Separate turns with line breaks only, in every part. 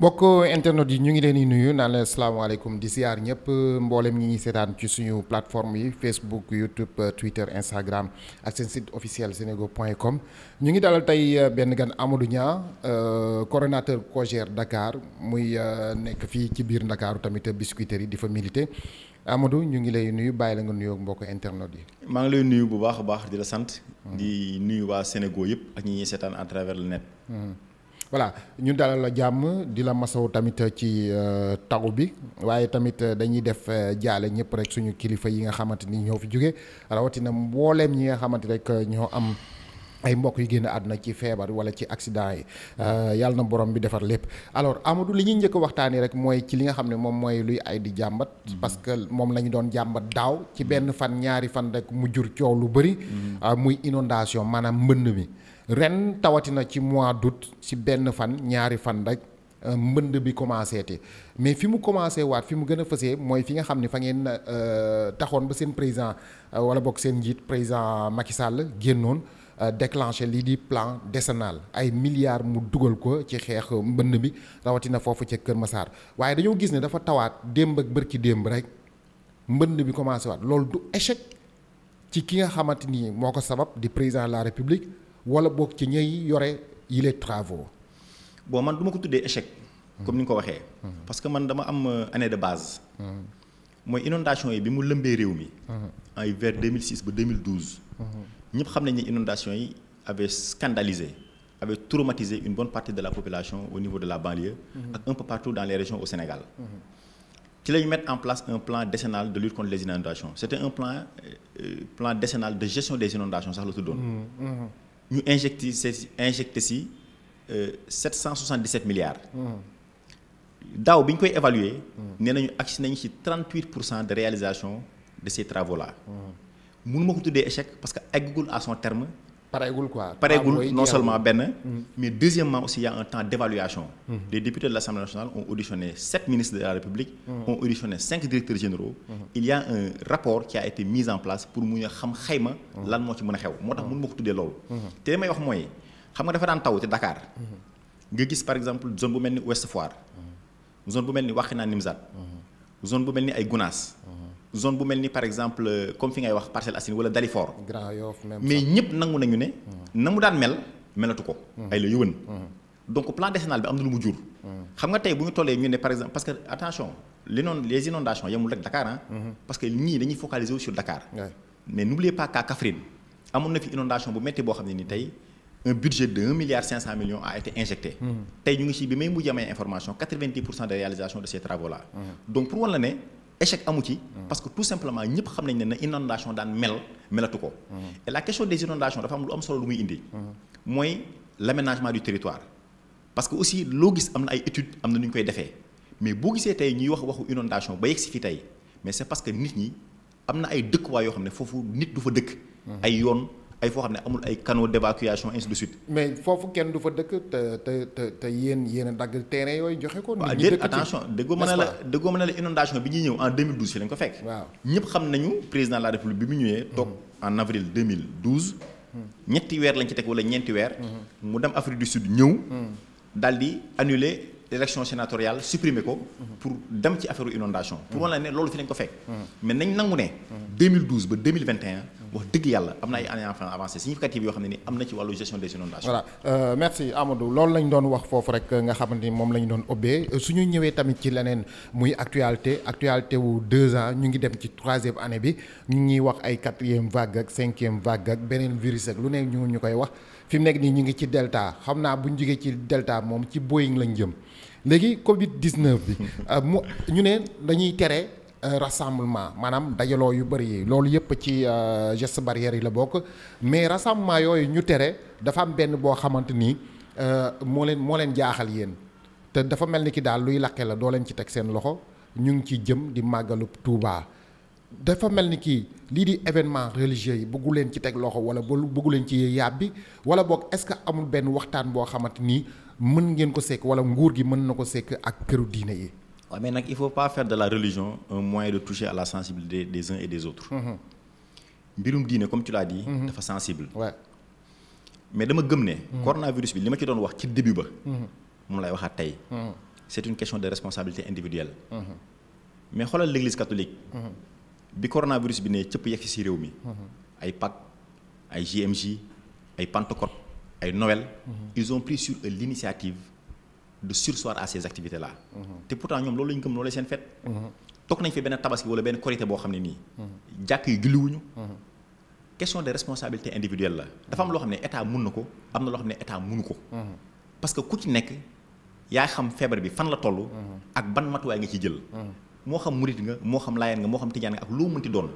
mbokk internet yi ñu ngi leen di nuyu naan leen asalaamaaleykum di siyaar ñëpp mboolem ñi ñuy seetaan ci suñu plateforme yi Facebook YouTube Twitter Instagram ak seen site officiel senego point com ñu ngi dalal tey euh, benn gan Amadou Niang euh, coordonnateur COJER Dakar muy euh, nekk fii ci biir Ndakaaru tamit Biscuiterie yi di fa milité Amadou ñu ngi lay nuyu bàyyi la nga nuyoo mbokk internet yi.
maa ngi lay nuyu bu baax a baax di la sant. Hmm. di nuyu waa Sénégal yëpp ak ñi ñuy seetaan à travers le
voilà ñu dalal la jàmm di la masaw tamit ci euh, taw bi waaye tamit euh, dañuy def euh, jaale ñëpp rek suñu kilifa yi nga xamante ni ñoo fi jóge rawatina mbooleem ñi nga xamante rek ñoo am ay mbokk yu génn àdduna ci feebar wala ci accident yi yàlla na borom bi defar lépp alors amatu li ñuy njëkk a waxtaanee rek mooy ci li nga xam ne moom mooy luy ay di jàmbat. Mm-hmm. parce que moom la ñu doon jàmbat daaw ci benn fan ñaari fan rek mu jur coow lu bëri. Mm-hmm. muy inondation maanaam mbënd mi. ren tawatina ci mois d'août ci benn fan ñaari fan rek euh, mbënd bi commencé te mais fi mu commencé waat fi mu gën a fësee mooy fi nga xam ne fa ngeen euh, taxoon ba seen président euh, wala bokk seen njiit président Macky Sall génnoon déclenché lii di plan décennal ay milliards mu dugal ko ci xeex mbënd bi rawatina foofu ca Kër masaar waaye dañoo gis ne dafa tawaat démb ak bërki démb rek mbënd bi commencé waat loolu du échec ci ki nga xamante ni moo ko sabab di président la république wala boog ci ñay yore yile travaux. bon man du ma ko tuddee échec.
comme ni nga ko waxee. parce que man dama am euh, année de base. mooy inondation yi bi mu lëmbee réew mi. ay vers 2006 ba 2012. xam nañ ne inondation yi avait scandalisé avait traumatisé une bonne partie de la population au niveau de la banlieue. ak un peu partout dans les régions au Sénégal. ci lañu mettre en place un plan décennal de lutte contre les inondations c'était un plan euh, euh, de la tuddoon. ñu injecté si injecté si 777 euh, milliards. Mm-hmm. daaw bi ñu koy évaluer mm-hmm. nee nañu agsi nañu ci 38 pour cent de réalisation de ces travaux mun
mm-hmm.
mënuma ko tuddee échec parce que eggagul à son terme.
pareegul quoi pareegul non seulement benn
mm. mais deuxièmement aussi il y a un temps d'évaluation mm. les députés de l'Assemblée nationale ont auditionné sept ministres de la République mm. ont auditionné cinq directeurs généraux il y a un rapport qui a été mis en place pour mu ñu xam xayma lan moo ci mën a xew moo tax mënu ma ko tuddee loolu te li may wax mooy xam nga dafa daan taw te Dakar nga gis par exemple zone bu mel ni Ouest Foire zone bu mel ni wax Wakhinane Nimzatt zone bu mel ni ay Gounass zone bu mel ni par exemple euh, comme fi ngay wax Parcelles Assainies wala Dalifort. mais ñëpp nangu nañu ne. Hmm. na mu daan mel melatu ko. Hmm. ay la yëwën. Hmm. donc plan décennal bi am na lu mu jur. xam nga tey bu ñu tollee ñu ne par exemple parce que attention li noon les inondations yemul rek Dakar parce que ñii dañuy focaliser sur Dakar. mais n'oubliez pas qu'à Kaffrine amoon na fi inondation bu métti boo xam ne ni tey un budget de 1 milliard 500 cent des réalisations échec amu ci. parce que tout simplement ñëpp xam nañ ne na inondation daan mel melatu ko. Mm-hmm. et la question des inondations dafa am lu am solo lu muy indi. Mm-hmm. mooy l'aménagement du territoire. parce que aussi loo gis am na ay études am na nu ñu koy defee mais boo gisee tey ñuy wax waxu inondation ba yegg si fi tey mais c'est parce que nit ñi am na ay dëkkuwaay yoo xam ne foofu nit du fa dëkk. Mm-hmm. ay yoon. ay foo xam ne amul ay canaux d'évacuation ainsi de suite.
mais foofu kenn du fa dëkk te te te te yéen dagg terrain yooyu joxe ko. nit ñi dëkk attention déggoo ma ne la
déggoo ma ne la inondation bi ñuy ñëw en 2012 fi lañ ko fekk. waaw ñëpp xam nañu président de la république bi mu ñëwee. toog hmm. en avril hmm. ñetti weer lañ ci teg wala ñeenti weer. Hmm. mu dem Afrique du Sud ñëw. daal di annuler élection sénatoriale supprimer ko. pour dem ci affaire inondation. pour wane la ne loolu fi lañ ko fekk. mais nañ nangu ne. 2012 ba 2021. wax dëgg yàlla am na ay année avancée significative yoo xam ne ni am na ci wàllu gestion des inondations voilà
euh, merci Amadou loolu lañ doon wax foofu rek nga xamante ni moom lañ doon ubbee euh, suñu ñëwee tamit ci leneen muy actualité actualité wu deux ans ñu ngi dem ci troisième année bi ñu ngi wax ay quatrième vague ak cinquième vague ak beneen virus ak lu ne ñu ñu koy wax fi mu nekk nii ñu ngi ci delta xam naa bu ñu jógee ci delta moom ci Boeing lañ jëm léegi Covid Euh, rassemblement maanaam dajaloo yu bëri loolu yëpp ci euh, geste barrière yi la bokk mais rassemblement yooyu ñu tere dafa am benn boo xamante ni euh, moo leen moo leen jaaxal yéen te dafa mel ni ki daal luy laqe doo leen ci teg seen loxo ñu ngi ci jëm di màggalu Touba. dafa mel ni kii lii di événement religieux yi bëggu leen ci teg loxo wala bëggu leen ci yàbbi wala boog est-ce que amul benn waxtaan boo xamante ni mën ngeen ko sekk wala nguur gi mën na ko sekk ak këru diine yi.
waaw mais nag il faut pas faire de la religion un moyen de toucher à la sensibilité des uns et des autres. Mm-hmm. mbirum diine comme tu l'as dit. Mm-hmm. dafa sensible. waaw mais dama gëm ne. Mm-hmm. coronavirus bi li ma ci doon wax ci début ba. moom lay waxaat tey. c'est une question de responsabilité individuelle. mais xoolal l'église catholique. bi coronavirus bi ne cëpp yegg si réew mi. ay Pâques ay JMJ ay Pentecôte ay Noël. ils ont pris sur eux l'initiative de surseoir à ces activités là. Mhm. te pourtant ñoom loolu la ñu gëm loolu la seen fête. Mhm. toog nañ fi benn tabaski wala benn korité boo xam ne nii. Mhm. jàkk yi julliwuñu. question de responsabilité individuelle la dafa am loo xam ne état mun na ko am na loo xam ne état munu ko. parce que ku ci nekk yaa xam feebar bi fan la toll. ak ban matuwaay nga ci jël. moo xam murit nga moo xam laayeen nga moo xam tijaan nga ak loo mënti doon.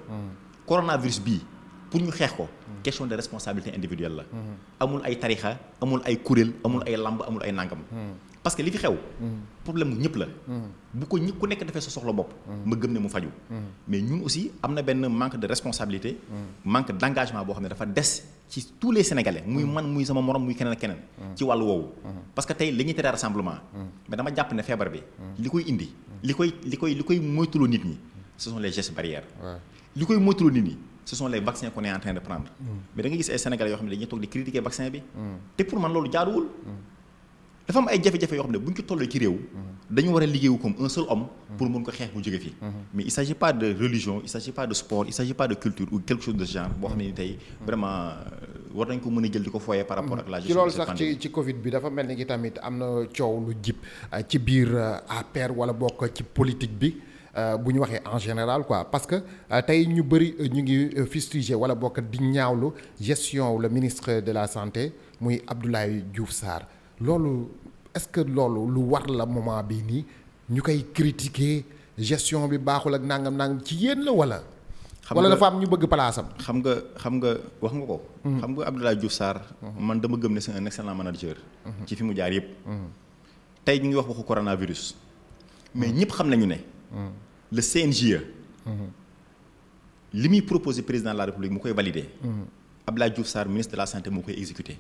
coronavirus bii. pour ñu xeex ko question de responsabilité individuelle la amul ay tarixa amul ay kuréel amul ay lamb amul ay nangam parce que li fi xew. Mm-hmm. problème ñëpp la. Mm-hmm. bu ko ñi ku nekk defee sa soxla bopp. Mm-hmm. ma gëm ne mu faju mais ñun aussi am na benn manque de responsabilité. manque d' boo xam ne dafa des ci tous les sénégalais muy man muy sama morom muy keneen ak keneen. ci wàllu woowu. parce que tey li ñuy tere rassemblement. mais dama jàpp ne feebar bi. li koy indi. li koy li koy li koy moytuloo nit ñi. ce sont les gestes barrières. li koy moytuloo nit ñi. ce sont les vaccins qu'on est en train de prendre. mais da nga vaccin pour man loolu jaaduwul. dafa am ay jafe-jafe yoo xam ne bu ñu ko tollee ci réew dañu war a liggéeyu comme un seul homme pour mun ko xeex mu jóge fii mais il s'agit pas de religion il s'agit pas de sport il s'agit pas de culture ou quelque chose de genre boo xam ne ni tey euh, war nañ ko mën a jël di ko fooyee par rapport ak la gestion ci loolu sax
ci Covid bi dafa mel ni ki tamit am na coow lu jib euh, ci biir euh, APR wala bokk ci politique bi bu ñu waxee en général quoi parce que tey ñu bëri ñu ngi fustigé wala bokk di ñaawlu gestion wu la de la santé muy Abdoulaye Diouf Sarr loolu est-ce que loolu lu war la moment bi nii ñu koy critiquer gestion bi baaxul ak nangam nangam ci yéen la wala. wala dafa am ñu bëgg palaasam. xam nga xam nga wax nga ko. Hmm. xam nga Abdoulaye Diouf Sarr. Hmm.
man dama gëm ne c'est a excellent manager. Hmm. ci fi mu jaar yëpp. tey ñu ngi wax waxu coronavirus. mais ñëpp xam nañu ne. le CNGE. li muy proposé président de la république mu koy validé. Abdoulaye Diouf saar ministre de la santé moo koy exécuté.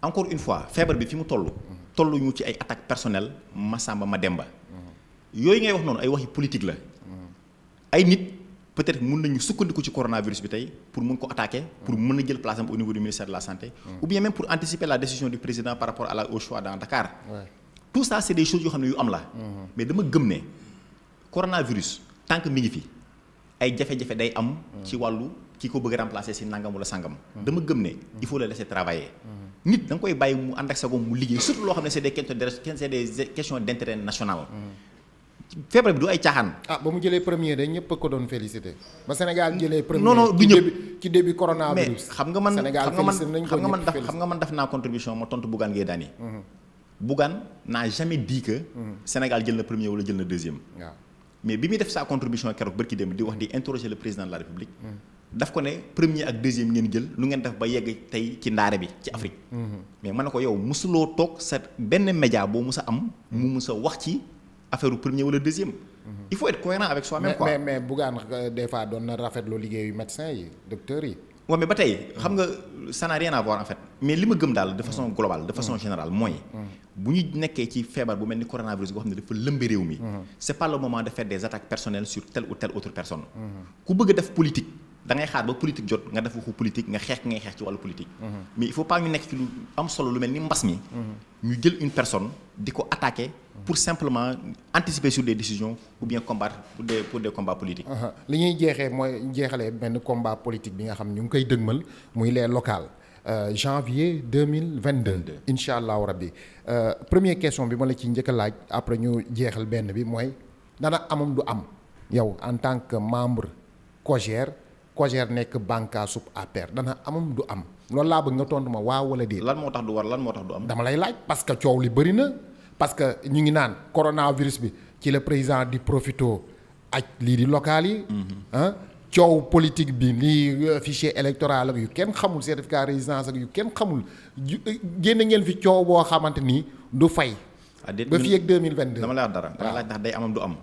encore une fois feebar bi fi mu toll. tolluñu ci ay attaque personnelle Massamba Mademba yooyu ngay wax noonu ay waxi politique la ay nit peut-être mën nañu sukkandiku ci coronavirus bi tey pour mën ko attaquer pour mën a jël place am au niveau du ministère de la santé ou bien même pour anticiper la décision du président par rapport à la au choix dans Dakar tout ça c'est des choses yoo xam ne yu am la mais dama gëm ne coronavirus tant que mi ngi fi ay jafe-jafe day am ci wàllu kii ko bëgg remplacer si nangam wala sangam. Hmm. dama gëm ne il faut le laisser travailler. Hmm. nit da koy bàyyi mu ànd ak sagom mu liggéey surtout loo xam ne c'est des questions c'est des questions
national. Hmm. feebar bi du ay caaxaan. Ah, ba mu jëlee premier de ñëpp ko doon félicité. ba Sénégal jëlee premier non non du ñëpp ci début coronavirus. xam nga man xam nga man xam nga daf
xam nga man daf naa contribution ma tontu Bougane Gueye Dany. Bougane n'a jamais dit que. jël na premier wala jël na bi muy def sa contribution keroog bërki dem di wax di interroger daf ko ne premier ak deuxième ngeen jël lu ngeen def ba yegg tey ci ndaare bi ci Afrique. Mm-hmm. Mm-hmm. mais mën na ko yow musuloo toog sa benn média boo mus a am. mu mm-hmm. mus a wax ci affaire premier wala deuxième. il faut être cohérent avec soi-même quoi mais mais Bougane euh, des fois doon na rafetlu liggéeyu médecin yi docteurs gëm daal de façon globale de façon générale mooy. bu ñu nekkee ci feebar bu mel ni coronavirus boo xam ne dafa lëmbe réew mi. c'est pas le moment de dangay ngay xaar ba politique jot nga def waxu politique nga xeex ngay xeex ci wàllu politique. Mhm. mais il faut pas ñu nekk ci lu am solo lu mel ni mbas mi. Mhm. ñu jël une personne di ko attaquer. Mhm. pour simplement anticiper sur des décisions bien combattre pour des pour des
li ñuy jeexee mooy jeexalee benn combat politique bi nga xam ñu ngi koy dëgmal muy les locales. Euh, janvier deux mille vingt deux incha allahu rabbi euh, première question bi ma la ci njëkk laaj après ñu jeexal benn bi mooy dana amam du am yow en tant que membre COJER. COJER nekk bànkaasub APR dana amam du am loolu laa bëgg nga tontu waaw wala déet. lan moo tax du war lan moo tax du am. dama lay laaj parce que coow li bëri na parce que ñu ngi naan coronavirus bi ci la président di profito aj lii di local yi. Mhm. ah coow politique bi lii euh, fichier électoral ak yu kenn xamul certificat résidence ak yu kenn xamul euh, génn ngeen fi coow boo xamante ni du fay. Ah, ba fii ak 2022
dama lay wax dara dama laaj ndax day amam du am.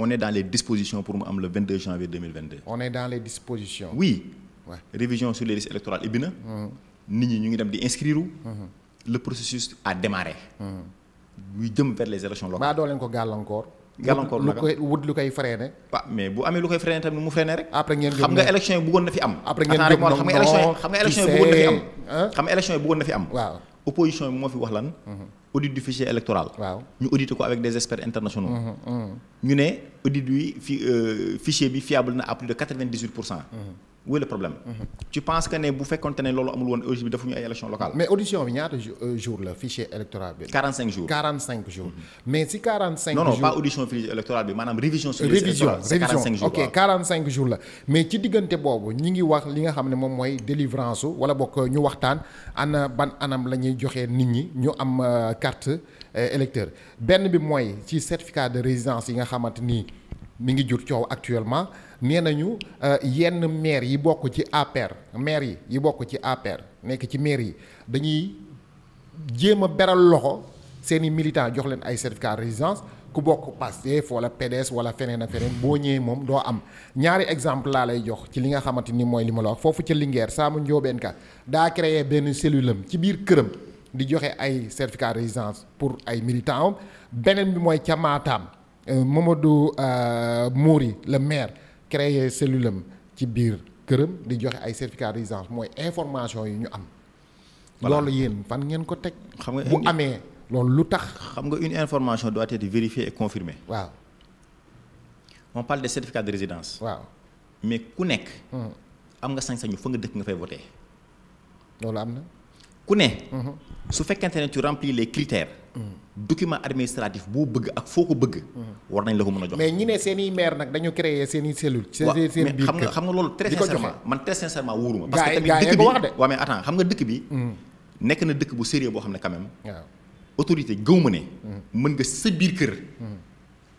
on est dans les dispositions pour mu am le 22 janvier 2022.
on est dans les dispositions. oui. Ouais.
révision sur les listes électorales mm-hmm. nit ñi ñu ngi dem di inscrire. Mm-hmm. le processus a démarré. muy mm-hmm. jëm vers les élections locales. maa doo
leen ko gàllankoor. gàllankoor lu koy wut lu koy freiné. waaw mais bu amee lu koy freiné tamit mu freiné rek. après ngeen xam nga élection yi bëggoon na fi am. après ngeen jóg xam nga élection yi bëggoon
xam nga élection yi bëggoon na fi am. lan. audit du fichier électoral. waaw ñu audité ko avec des experts internationaux. Mhm, mhm. ñu ne audit bi fi euh, fichier bi fiable na à plus de quatre-vingt-dix-huit pour cent. Mhm. où est le problème. tu penses que ne bu fekkonte ne loolu amul woon EJ bi defuñu ay élection locale. mais audition bi ñaata euh, jour la fichier électoral bi. 45
jours 45 jours. Mm-hmm. mais si 45 jours non la mais ci diggante boobu ñu ngi wax li nga xam ne moom mooy délivrance wala bokk ñu waxtaan na ban anam la ñuy joxe nit ñi ñu am euh, carte euh, électeur benn bi mooy ci certificat de résidence yi nga xamante nii mi ngi jur coow actuellement nee nañu euh, yenn maire yi bokk ci APR maire yi yi bokk ci APR nekk ci maire yi dañuy jéem a beral loxo seeni militants jox leen ay certificat de résidence ku bokk Pastef wala PDS wala feneen ak feneen boo ñëwee moom doo am ñaari exemple laa lay jox ci li nga xamante ni mooy li ma la wax foofu ca Linguère Saamu Njoobeen ka daa créé benn cellule am ci biir këram di joxe ay certificat de résidence pour ay militants am beneen bi mooy ca Euh, Mamadou euh, Mouri le maire créé cellule am ci biir këram di joxe ay certificat résidence mooy information yi ñu am. loolu yéen fan ngeen ko teg. xam nga bu amee loolu
lu tax. xam nga une information doit être vérifiée et confirmée. waaw. on parle de certificat de résidence. waaw mais ku nekk. Hmm. am nga sañ-sañu fa nga dëkk nga fay voté. loolu am na. ku ne. su fekkente ne tu remplis les critères. document administratif boo bëgg ak foo ko bëgg. war nañ la ko mën a jox.
mais ñi ne seen i maire nag dañu créer seen i cellule. seen seen biir kër xam nga xam nga loolu très sincèrement man très sincèrement wóoruma. parce que tamit dëkk bi
waaw mais attends xam nga dëkk bi. Mm. nekk na dëkk bu sérieux boo xam ne quand même. autorité gëw ma ne. mën nga sa biir kër. Mm.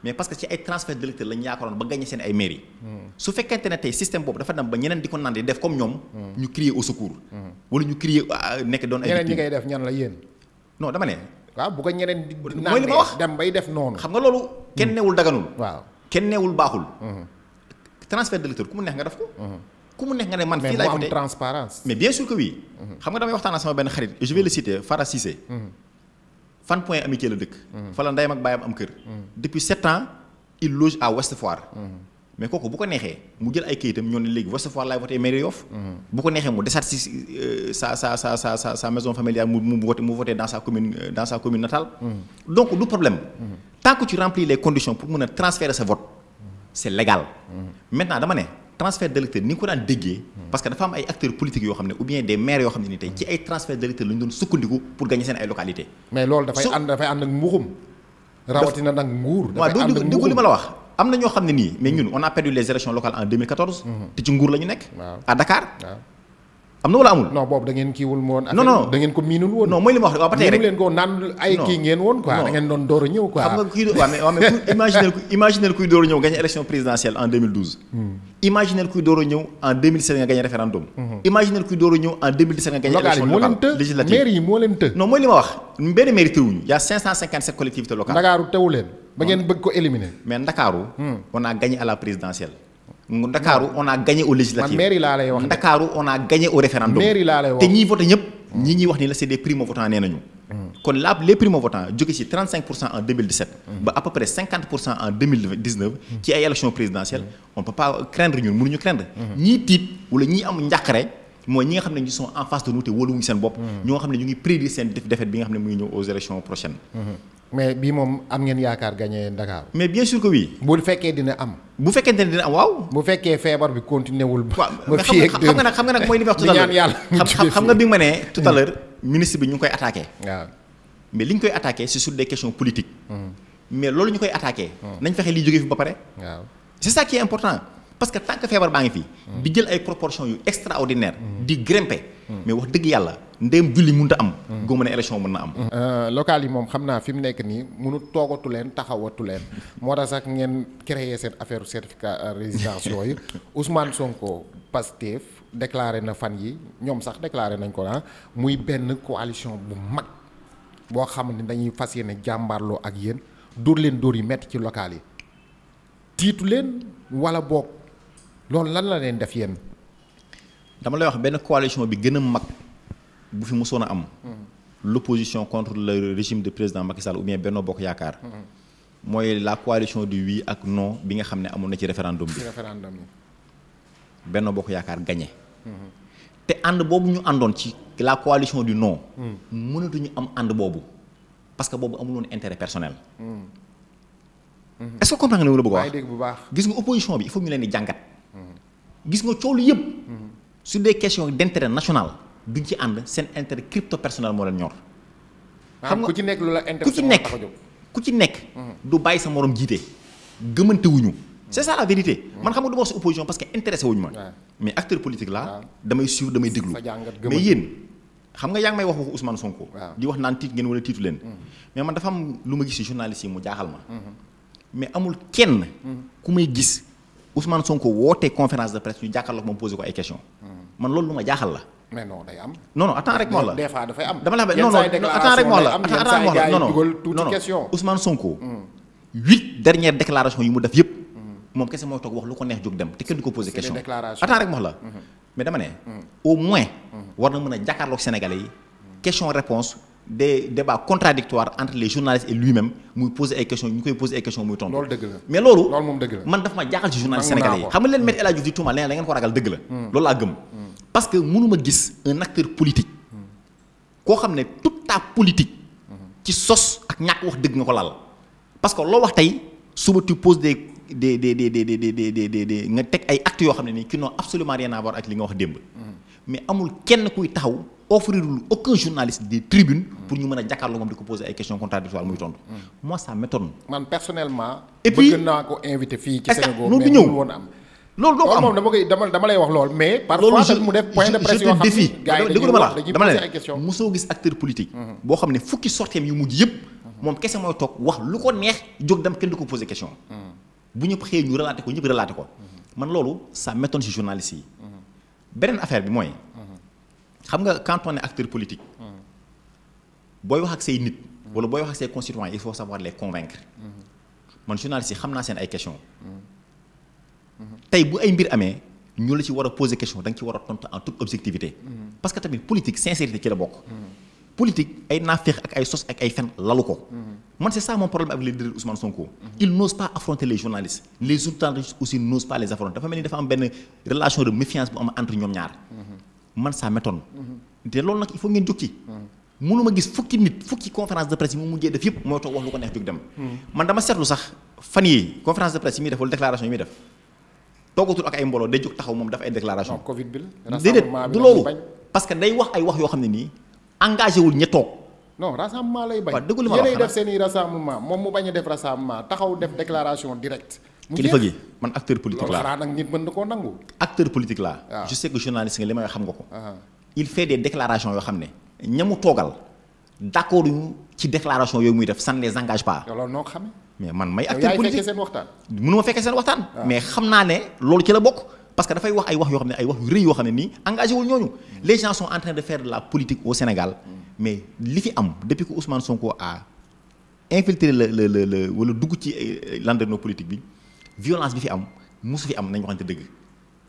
mais parce que ci ay transfert d'électeurs lañu yaakaaroon ba gagné seen ay mairie su fekkente ne tey système boobu dafa dem ba ñeneen di ko naan di def comme ñoom. ñu crier au secours. wala ñu crier ah, ah, nekk doon ay. ñeneen ngay def ñan la yéen. non dama ne.
waaw ah, bu ko ñeneen di. mooy li ma wax
dem bay def noonu. xam nga loolu kenn hmm. newul daganul. waaw kenn newul baaxul. Hmm. transfert d'électeurs ku mu neex nga def ko. Hmm. ku mu neex nga ne man fii laay voté mais benn xarit je fan point amitié la dëkk. Mm. fa la ndeyam ak baayam am kër. Mm. depuis sept ans il loge à Ouest Foire. Mm. mais kooku bu ko neexee mu jël ay kayitam ñoo ne léegi Ouest Foire laay voté mairie Yoff. bu ko neexee mu desaat si euh, sa sa sa sa sa sa maison familiale mu mu voté mu voté dans sa commune euh, dans sa commune natale. donc du problème. tant que tu remplis les conditions pour mën a transférer sa vote. c'est légal. maintenant dama ne. transfert d'électeurs ni nga ko daan déggee parce que dafa am ay acteurs politiques yoo xam ne ou bien des maires yoo xam ne ni tey ci ay transfert d'électeurs la doon sukkandiku pour gagner seen ay localités mais loolu dafay ànd dafay ànd ak mbuxum rawatina nag
nguur waaw doo déglu li ma la wax
am na ñoo xam ne nii mais ñun on a perdu les élections locales en 2014
mm-hmm. te ci nguur la nekk à Dakar am na wala amul. non boobu da kiiwul woon. non non da mooy li ma wax waaw ba tey rek miinu leen ko naan ay
locale Ndakaaru tewu leen. ba ngeen hmm. bëgg ko éliminer. mais Ndakaaru. Hmm. on a gagné présidentielle Ndakaaru on a gagné au législatif Ndakaaru on a gagné au référendum te ñiy voté ñëpp ñi ñuy wax ni la c'est primo votants nee nañu mm. kon la les primo votants jóge ci 35 pour cent en 2017 mm. ba à peu près pour cent en 2019 mm. ci ay élection présidentielle on peut craindre ñun mënuñu craindre ñii tiit wala ñii am njàqare mooy ñi nga xam ne ñu sont en face de nous te wóoluwuñu seen bopp ñoo xam ne ñu ngi prédire
seen mais bii moom am ngeen yaakaar gagné Dakar. mais bien sûr que oui. bu fekkee dina am. bu fekkee dina am waaw. bu fekkee feebar bi continué wul. ba fii ak xam xam nga nag mooy li ma wax tout à xam nga bi ma ne tout à hmm.
bi ñu ngi koy attaqué. mais li ñu koy attaqué si sur des questions politiques. Hmm. mais loolu ñu koy attaqué. Hmm. nañ fexe li jógee fi ba pare. waaw c'est ça qui important. parce que tant que feebar baa ngi fi. di jël ay proportions yu extraordinaires. di grimper. mais wax dëgg yàlla. ndéem julli munut a am. góob na élection mën na am.
Euh, local yi moom xam naa fi mu nekk nii mënut toogatu leen taxawatu leen moo tax sax ngeen créé seen affaire certificat euh, résidence yooyu Ousmane Sonko Pastef déclaré na fan yi ñoom sax déclaré nañ ko ah muy benn coalition bu mag boo xam ni dañuy fas yéene jàmbaarloo ak yéen dóor leen dóor yi metti ci local yi tiitu leen wala boog loolu lan la leen def yéen. dama lay wax benn coalition bi gën a mag. bu fi musoon
a am. Mm-hmm. l'opposition contre le régime de président Macky Sall ou bien Benno Bokk Yaakaar.
Mm-hmm.
mooy la coalition du oui ak non bi nga xam ne amoon na ci référendum bi.
référendum bi.
Benno Bokk Yaakaar gagné.
Mm-hmm.
te ànd boobu ñu àndoon ci la coalition du non. mënatuñu am ànd boobu parce que boobu amuloon intérêt personnel. est-ce que comprendre nga li ma la wax gis nga opposition bi il faut ñu leen di jàngat. gis nga coow lu yëpp. sur des questions d'intérêt national. duñ ci ànd seen intérêt crypto personnel moo leen ñor. xam nga ku ci nekk lu la intérêt ku ci nekk ku ci nekk. Mhm. du bàyyi sa morom jiite gëmante wuñu mhm. c'est ça la vérité. Mhm. man xam nga du ma wax si opposition parce que intéressé wuñ ma. mais acteur politique laa. damay suivre damay déglu mais yéen. xam nga yaa ngi may wax waxu Ousmane Sonko. di wax naan tiit ngeen wala tiitu leen. mais man dafa am lu ma gis si journaliste yi mu jaaxal ma. mais amul kenn. ku may gis Ousmane Sonko wootee conférence de presse ñu jàkkaarloog moom posé ko ay loolu lu ma jaaxal la.
mais non day am.
non non attends rek moo la des fois
dafay la wax rek moo la attends
Sonko. Mm. huit dernières déclarations yu mu def yëpp. Mm. moom kese mooy toog wax lu ko neex jóg dem te kenn du ko poser question. attends rek moo la. Mm-hmm. mais dama ne. Mm. au moins. war na mën a jàkkaarloog Sénégalais yi. question réponse des débats contradictoires entre les journalistes et lui-même muy poser ay questions ñu koy poser ay questions muy tontu. mais loolu. man daf ma jaaxal ci journalistes sénégalais yi. parce que mënuma gis un acteur politique koo xam ne toute ta politique ci sos ak ñàkk wax dëgg nga ko laal parce que loo wax tey suba tu poses de des des des des des nga teg ay actes yoo xam ne nii qui n'ont absolument rien à ak li nga wax démb. mais amul kenn kuy taxaw offrirul aucun journaliste des tribunes pour ñu mën a jàkkaarloo moom di ko poser ay questions contradictoires muy tontu. moi ça m'étonne.
man personnellement. et puis bëgg naa ko invité fii ci Sénégal mais woon am. loolu doo ko am dama koy dama dama lay wax lool mais. parfois tamit mu def point de presse yoo xam ne gars dama ne
mosoo gis acteur politique. Mm-hmm. boo xam ne fukki sorteem yu mujj yëpp. moom kese mooy toog wax lu ko neex jóg dem kenn du ko posé question. Mm-hmm. bu ñëpp xëyee ñu relaté ko ñëpp relaté ko. Mm-hmm. man loolu ça m'étonne ci journaliste yi. beneen affaire bi mooy. xam nga quand on acteur politique. booy wax ak say nit. wala booy wax ak say concitoyens il faut savoir les convaincre. man journaliste xam naa seen ay tey bu ay mbir amee ñu la ci war a poser question da ci war a tontu en toute objectivité. parce que tamit politique sincérité ci la bokk. politique ay naafeex ak ay sos ak ay fen lalu ko. man c'est ça mon problème avec le leader Ousmane Sonko. il pas affronter les journalistes les journalistes aussi n'osent pas les affronter dafa mel ni dafa am benn relation de méfiance bu am entre ñoom ñaar. man ça m'étonne. te loolu nag il faut ngeen jóg toogatul ak ay mbooloo day jóg taxaw moom daf ay déclaration Covid bi la déedéet du loolu parce que day wax ay wax yoo xam ne nii engagé wul ña toog
non rassemblement lay bañ yéenay def ma i rassemblement moom mu bañ a def rassemblement taxaw def déclaration directe kilifa gi
man acteur politique laa
nag nit mën na koo nangu
acteur politique laa ah. je sais que journaliste nga xam nga ko ah. il fait des déclaration yoo xam ne ña mu toogal d'accord ñu ci déclaration yooyu muy def san ne les engage loolu noo xamee mais man may acteur politique seen waxtaan mënuma fekkee seen waxtaan ah. mais xam naa ne loolu ci la bokk parce que dafay wax ay wax yoo xam ne ay wax yu rëy yoo xam ne nii engagé wul ñooñu hmm. les gens sont en de faire de la politique au Sénégal hmm. mais li fi am depuis que Ousmane Sonko a infiltré la la la la wala dugg ci euh, landerneau politique bi violence bi fi am mosu fi am nañ nañu waxante dëgg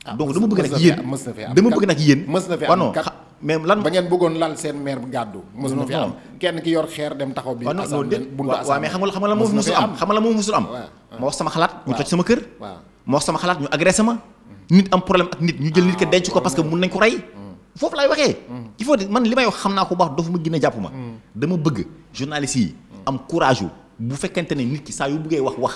ah, donc dama bëgg nag yéen dama bëgg nag yéen mës na fi ah am
mais lan ba ngeen bëggoon lal seen maire bu gàddu. mos na fi am kenn ki yor xeer dem taxaw bi. waaw waaw mais xam nga xam nga la
moo musul am am. ma wax sama xalaat ñu toj sama kër. ma wax sama xalaat ñu agressé ma. nit am problème ak nit ñu jël nit ko denc ko parce que mun nañ ko rey. foofu lay waxee. il faut man li may wax xam naa ko bu baax dafa ma gën a jàpp ma. Mm. dama bëgg journaliste yi am courage bu fekkente ni nit ki saa
yu bëggee wax wax.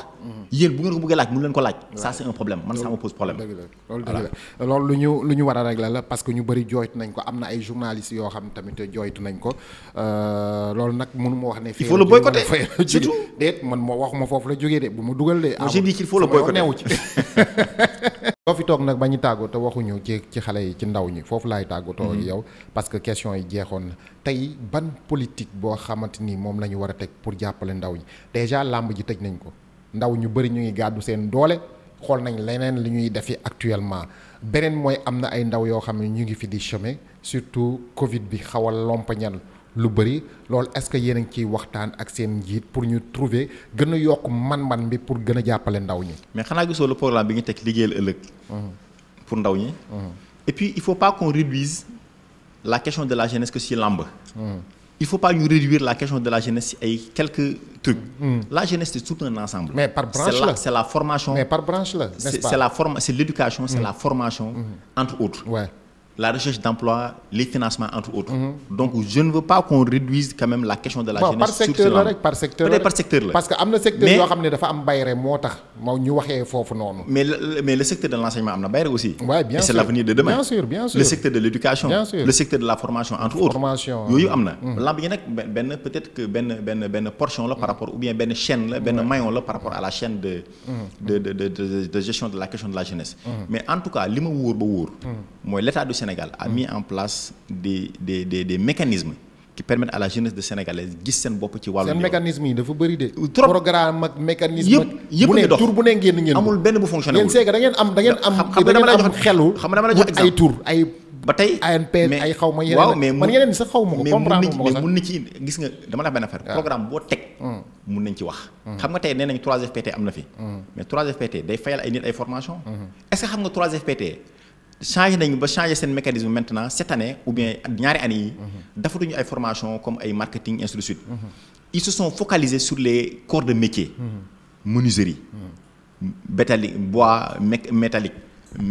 yéen bu ngeen ko bëggee laaj mu leen ko laaj. ça c'est un problème man ça me pose problème. loolu dëgg la loolu lu ñu lu ñu war a régler la parce que ñu bëri jooytu nañ ko am na ay journalistes yoo xam tamit jooytu nañ ko euh, loolu nag mënu ma wax ne. il faut le boycotter surtout déet man moo waxuma foofu la jógee de bu ma dugal de. ah j'ai dit qu'il faut le boycotter neewu ci. soo fi toog nag ba ñu tàggu waxuñu ci ci xale yi ci ndaw ñi foofu laay tàggatoo ak mm-hmm. yow parce que question yi jeexoon na tey ban politique boo xamante ni moom la ñu war a teg pour jàppale ndaw ñi déjà làmb ji tëj nañ ko ndaw ñu bëri ñu ngi gàddu seen doole xool nañ leneen li ñuy defi actuellement beneen mooy am na ay ndaw yoo xam ne ñu ngi fi di chômer surtout Covid bi xawal a lompañal lu bëri loolu est-ce que yéen a ngi ciy waxtaan ak seen njiit pour ñu trouver gën a yokk man-man bi pour gën a jàppale ndaw ñi.
mais xanaa gisoo le programme bi nga teg liggéeyal ëllëg. Mm-hmm. pour ndaw ñi. Mm-hmm. et puis il faut pas qu'on réduise la question de la jeunesse que si làmb. Mm-hmm. il faut pas ñu réduire la question de la jeunesse si ay quelques trucs. la jeunesse c'est tout un ensemble. mais par branche la formation. mais par branche la la forme c'est l'éducation c'est la formation. entre autres. la recherche d'emploi, les financements, entre autres. Mhm. Donc, je ne veux pas qu'on réduise la question de la jeunesse. Par secteur, là, par secteur, par secteur. Là. Parce
secteur mais, yo dafa am bayre secteur de l'enseignement
secteur de l'éducation, secteur la formation entre autres. Formation. Yoyu amna. Mhm. Lamb yi nak ben peut-être que ben portion là par mhm. rapport ou bien ben chaîne là, ben maillon là par rapport à la chaîne de gestion de la question de la jeunesse. Mais en tout cas, lima Sénégal mm. en place des des des des mécanismes qui permettent la jeunesse de sénégalaise gis seen bopp ci wàllu. seen
mécanisme dafa bëri de. programme ak mécanisme. yëpp yëpp ngi dox bu ne bu ne ngeen amul benn bu fonctionné wul nga dama ay tur ay. ba tey ANP ay xaw ma yeneen waaw mais man yeneen sax xaw ma
ko ah. programme boo teg. Mm. mun nañ ci wax. Mm. xam nga tey nee nañ 3FPT am na fi. mais 3FPT day fayal ay nit ay formation. Mm-hmm. est-ce que xam nga 3FPT changé nañu ba changé seen mécanisme maintenant cette année ou bien ñaari année yi. dafatuñu ay formation comme ay marketing ainsi
de
se sont focalisés sur les corps de métier. bois mé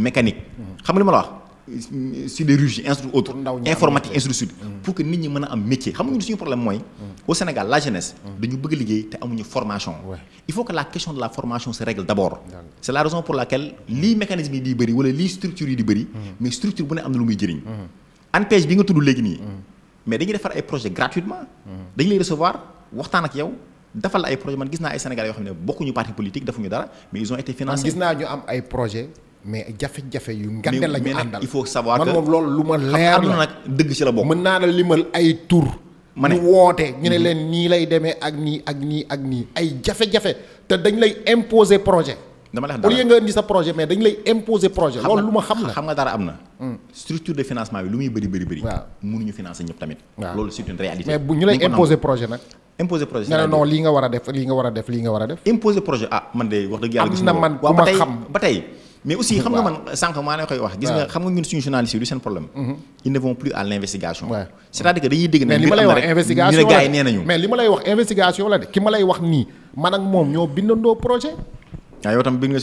mécanique. xam nga ma la sud et ruge informatique instru mm. pour que nit ñi mën a am métier xam suñu problème mooy mm. au Sénégal la jeunesse mm. dañu bëgg liggéey te amuñu formation il faut que la question de la formation se règle d'abord c'est la raison pour laquelle lii mécanisme yi di bëri wala lii structure yi di bëri mais structure bu ne am na lu muy jëriñ ANPEJ bi nga tudd léegi nii mais dañuy defar ay projet gratuitement dañu lay recevoir waxtaan ak yow dafal la mais jafe-jafe yu ngande la ñu àndal il faut savoir man moom
loolu lu ma leer la nag dëgg ci la bokk mën naa la limal ay tur ma ne woote ñu ne mhm. leen nii lay demee ak nii ak nii ak nii ay jafe-jafe te dañ lay imposer projet
dama la wax dara au lieu nga
indi sa projet mais dañ lay imposer projet loolu ma xam la xam nga dara am na hmm.
structure de financement bi lu muy bëri bëri bëri waaw mënuñu financer ñëpp tamit waaw loolu c'est une mais ñu lay imposer
projet nag imposer nga war a def lii nga a def lii nga war a def
imposer projet ah man wax dëgg yàlla na man ku ma xam ba tey mais aussi xam nga man sànq maa ne koy wax gis nga xam nga ñun suñu journaliste yi du seen problème mhm. ils ne vont plus à l'investigation c'est-à-dire que dañuy dégg ma
lay wax investigation la gars yi nañu
mais ma lay wax investigation la de ki ma lay wax nii man ak moom ñoo bindandoo projet waaw ah, yow tam bind nga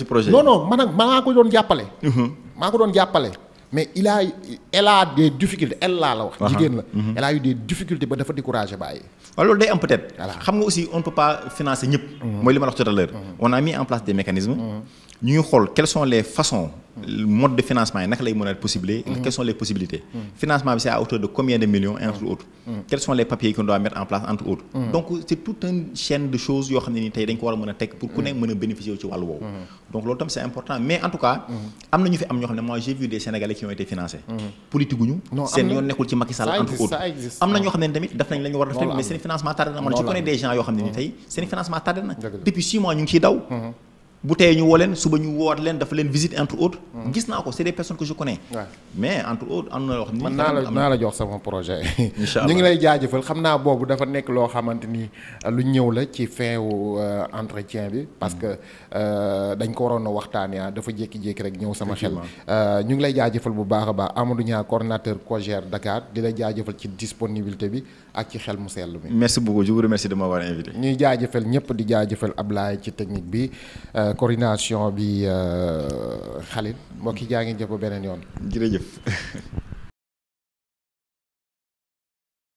man ak maa ko doon jàppale mhm. maa ko doon jàppale mais il a elle a des difficultés elle laa la wax jigéen la mhm. elle a eu des difficultés
ba dafa découragé bàyyi waaw loolu day am peut xam nga ne peut a mis en ñu ngi xool quelles sont les façons mode de financement yi naka lay mën a possible mm-hmm. quelles sont les possibilités mm-hmm. financement bi c'est à hauteur de combien de millions entre autres mm-hmm. quels sont les papiers qu'on doit mettre en place entre autres donc c'est toute une chaîne de choses yoo xam ne ni tey dañ ko war a mën a teg pour ku ne mën a bénéficier ci wàllu woowu donc loolu tam c'est important mais en tout cas am na ñu fi am ñoo xam ne moi j'ai vu bu tey ñu woo leen suba ñu woowaat leen dafa leen visite entre autres. Hmm. gis naa ko c'est des personnes que je connais. Ouais. mais entre autres
am na loo man naa la naa la jox sama projet. incha allah ñu ngi lay jaajëfal xam naa boobu dafa nekk loo xamante ni euh, lu ñëw la ci fin wu euh, entretien bi. parce que euh, dañ ko waroon a waxtaanee ah, dafa jékki-jékki rek ñëw sama xel. ñu ngi lay jaajëfal bu baax a baax Amadou Niang coordonnateur COJER Dakar di lay jaajëfal ci disponibilité bi. ak ci xel mu sell mi. merci beaucoup je vous remercie de m'avoir invité. ñuy jaajëfal ñëpp di jaajëfal Ablaye ci technique bi euh, coordination bi euh, Khalil mbokk yi jaa ngi jëf beneen yoon. jërëjëf.